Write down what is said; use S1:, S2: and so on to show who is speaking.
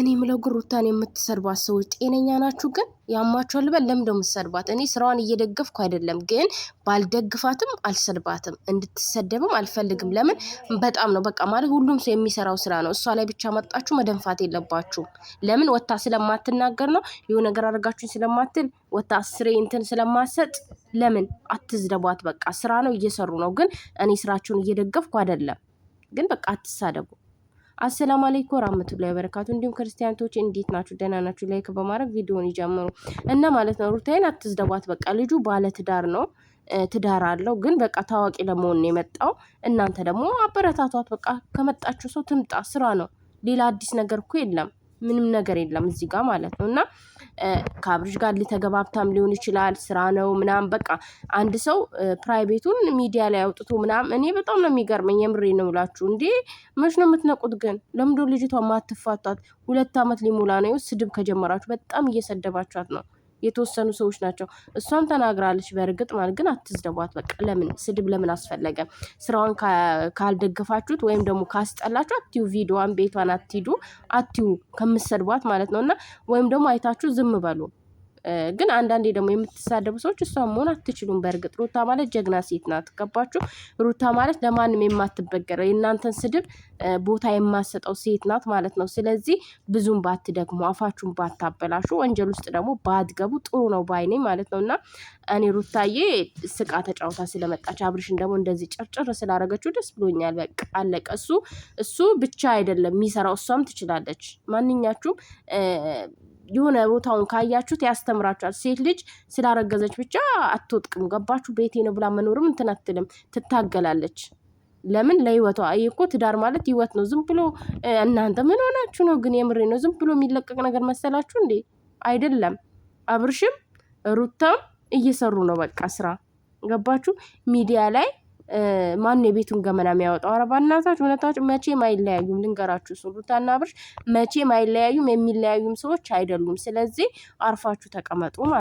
S1: እኔ ምለው ግሩታን የምትሰድባት ሰዎች ጤነኛ ናችሁ? ግን ያማችኋል። በል ለምን ደው የምትሰድባት? እኔ ስራዋን እየደገፍኩ አይደለም፣ ግን ባልደግፋትም አልሰድባትም፣ እንድትሰደብም አልፈልግም። ለምን በጣም ነው በቃ ማለት ሁሉም ሰው የሚሰራው ስራ ነው። እሷ ላይ ብቻ መጣችሁ መደንፋት የለባችሁም። ለምን ወታ ስለማትናገር ነው ይሁን ነገር አድርጋችሁኝ ስለማትል ወታ ስሬ እንትን ስለማሰጥ ለምን አትዝደቧት። በቃ ስራ ነው፣ እየሰሩ ነው። ግን እኔ ስራቸውን እየደገፍኩ አይደለም፣ ግን በቃ አትሳደቡ። አሰላሙ አለይኩም ወራህመቱላሂ ወበረካቱ። እንዲሁም ክርስቲያንቶች እንዴት ናችሁ? ደህና ናችሁ? ላይክ በማድረግ ቪዲዮን ይጀምሩ እና ማለት ነው ሩታይን አትስደቧት። በቃ ልጁ ባለ ትዳር ነው ትዳር አለው ግን በቃ ታዋቂ ለመሆን ነው የመጣው። እናንተ ደግሞ አበረታቷት። በቃ ከመጣችሁ ሰው ትምጣ፣ ስራ ነው። ሌላ አዲስ ነገር እኮ የለም። ምንም ነገር የለም እዚህ ጋር ማለት ነው። እና ከአብርሽ ጋር ሊተገባብታም ሊሆን ይችላል። ስራ ነው ምናምን በቃ አንድ ሰው ፕራይቬቱን ሚዲያ ላይ አውጥቶ ምናምን እኔ በጣም ነው የሚገርመኝ። የምሬ ነው ብላችሁ እንዴ መች ነው የምትነቁት? ግን ለምዶ ልጅቷ ማትፋታት ሁለት ዓመት ሊሞላ ነው። ስድብ ከጀመራችሁ በጣም እየሰደባችኋት ነው። የተወሰኑ ሰዎች ናቸው። እሷም ተናግራለች በእርግጥ ማለት ግን አትዝደቧት። በቃ ለምን ስድብ ለምን አስፈለገ? ስራዋን ካልደገፋችሁት ወይም ደግሞ ካስጠላችሁ አትዩ፣ ቪዲዮዋን ቤቷን አትሂዱ፣ አትዩ ከምትሰድቧት ማለት ነው እና ወይም ደግሞ አይታችሁ ዝም በሉ። ግን አንዳንዴ ደግሞ የምትሳደቡ ሰዎች እሷ መሆን አትችሉም። በእርግጥ ሩታ ማለት ጀግና ሴት ናት። ገባችሁ? ሩታ ማለት ለማንም የማትበገረው የእናንተን ስድብ ቦታ የማሰጠው ሴት ናት ማለት ነው። ስለዚህ ብዙም ባትደግሙ፣ አፋችሁን ባታበላሹ፣ ወንጀል ውስጥ ደግሞ ባትገቡ ጥሩ ነው ባይኔ ማለት ነው እና እኔ ሩታዬ ስቃ ተጫውታ ስለመጣች አብርሽን ደግሞ እንደዚህ ጭርጭር ስላደረገችው ደስ ብሎኛል። በቃ አለቀ። እሱ እሱ ብቻ አይደለም የሚሰራው፣ እሷም ትችላለች። ማንኛችሁም የሆነ ቦታውን ካያችሁት ያስተምራችኋል። ሴት ልጅ ስላረገዘች ብቻ አትወጥቅም። ገባችሁ? ቤቴ ነው ብላ መኖርም እንትን አትልም፣ ትታገላለች። ለምን ለህይወቷ። ይህ እኮ ትዳር ማለት ህይወት ነው። ዝም ብሎ እናንተ ምን ሆናችሁ ነው? ግን የምሬ ነው። ዝም ብሎ የሚለቀቅ ነገር መሰላችሁ እንዴ? አይደለም። አብርሽም ሩታም እየሰሩ ነው። በቃ ስራ ገባችሁ? ሚዲያ ላይ ማን የቤቱን ገመና የሚያወጣው? አረባ እናታች እውነታች መቼም አይለያዩም። ልንገራችሁ፣ እሱን ሩታና አብርሽ መቼም አይለያዩም፣ የሚለያዩም ሰዎች አይደሉም። ስለዚህ አርፋችሁ ተቀመጡ።